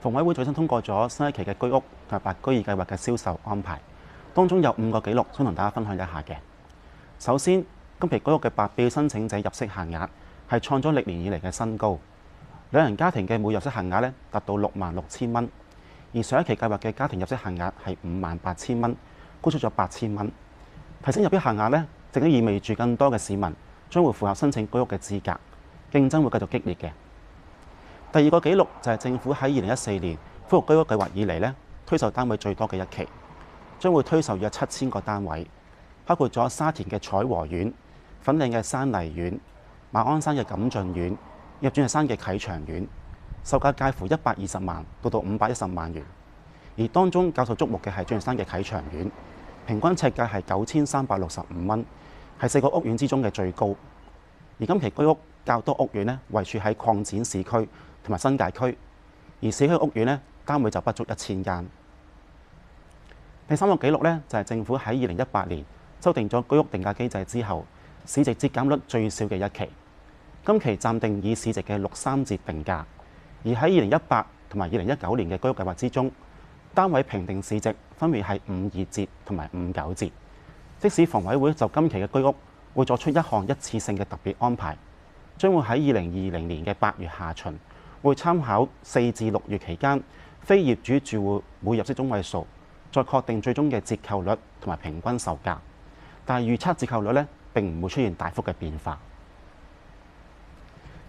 房委會最新通過咗新一期嘅居屋同埋白居二計劃嘅銷售安排，當中有五個紀錄想同大家分享一下嘅。首先，今期居屋嘅白表申請者入息限額係創咗歷年以嚟嘅新高，兩人家庭嘅每月入息限額咧達到六萬六千蚊，而上一期計劃嘅家庭入息限額係五萬八千蚊，高出咗八千蚊。提升入息限額咧，正正意味住更多嘅市民將會符合申請居屋嘅資格，競爭會繼續激烈嘅。第二個紀錄就係政府喺二零一四年恢復居屋計劃以嚟，呢推售單位最多嘅一期，將會推售約七千個單位，包括咗沙田嘅彩和苑、粉嶺嘅山麗苑、馬鞍山嘅錦駿苑、鑽石山嘅啟祥苑，售價介乎一百二十萬到到五百一十萬元。而當中較受矚目嘅係鑽石山嘅啟祥苑，平均尺價係九千三百六十五蚊，係四個屋苑之中嘅最高。而今期居屋較多屋苑呢，位處喺擴展市區。同埋新界區，而市區屋苑呢，單位就不足一千間。第三個紀錄呢，就係、是、政府喺二零一八年修訂咗居屋定價機制之後，市值折減率最少嘅一期。今期暫定以市值嘅六三折定價，而喺二零一八同埋二零一九年嘅居屋計劃之中，單位評定市值分別係五二折同埋五九折。即使房委會就今期嘅居屋會作出一項一次性嘅特別安排，將會喺二零二零年嘅八月下旬。會參考四至六月期間非業主住戶每入息中位數，再確定最終嘅折扣率同埋平均售價。但係預測折扣率呢，並唔會出現大幅嘅變化。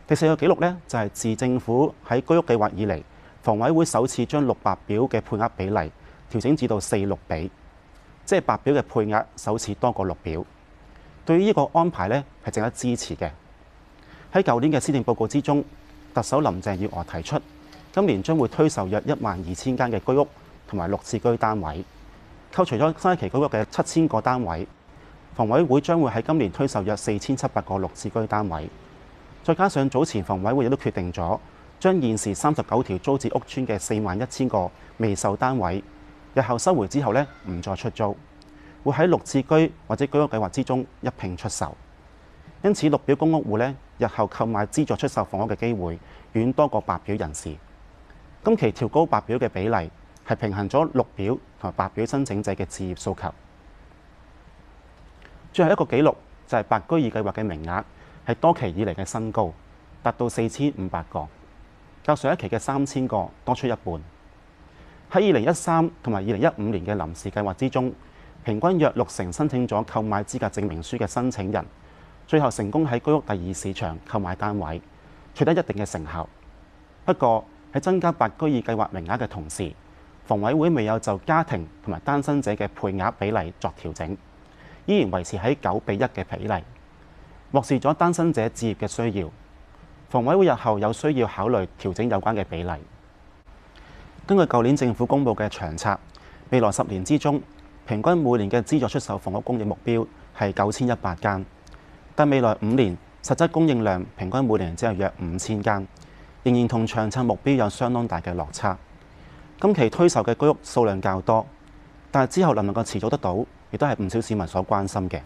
第四個紀錄呢，就係、是、自政府喺居屋計劃以嚟，房委會首次將綠白表嘅配額比例調整至到四六比，即係白表嘅配額首次多過綠表。對於呢個安排呢，係值得支持嘅。喺舊年嘅施政報告之中，特首林鄭月娥提出，今年將會推售約一萬二千間嘅居屋同埋綠置居單位，扣除咗新一期居屋嘅七千個單位，房委會將會喺今年推售約四千七百個綠置居單位，再加上早前房委會亦都決定咗，將現時三十九條租置屋村嘅四萬一千個未售單位，日後收回之後呢，唔再出租，會喺綠置居或者居屋計劃之中一併出售。因此，綠表公屋戶咧，日後購買資助出售房屋嘅機會遠多過白表人士。今期調高白表嘅比例，係平衡咗綠表同埋白表申請者嘅置業訴求。最後一個紀錄就係白居二計劃嘅名額係多期以嚟嘅新高，達到四千五百個，較上一期嘅三千個多出一半。喺二零一三同埋二零一五年嘅臨時計劃之中，平均約六成申請咗購買資格證明書嘅申請人。最後成功喺居屋第二市場購買單位，取得一定嘅成效。不過喺增加白居二計劃名額嘅同時，房委會未有就家庭同埋單身者嘅配額比例作調整，依然維持喺九比一嘅比例，漠視咗單身者置業嘅需要。房委會日後有需要考慮調整有關嘅比例。根據舊年政府公布嘅長策，未來十年之中，平均每年嘅資助出售房屋供應目標係九千一百間。但未來五年實質供應量平均每年只有約五千間，仍然同長策目標有相當大嘅落差。今期推售嘅居屋數量較多，但之後能唔能夠持續得到，亦都係唔少市民所關心嘅。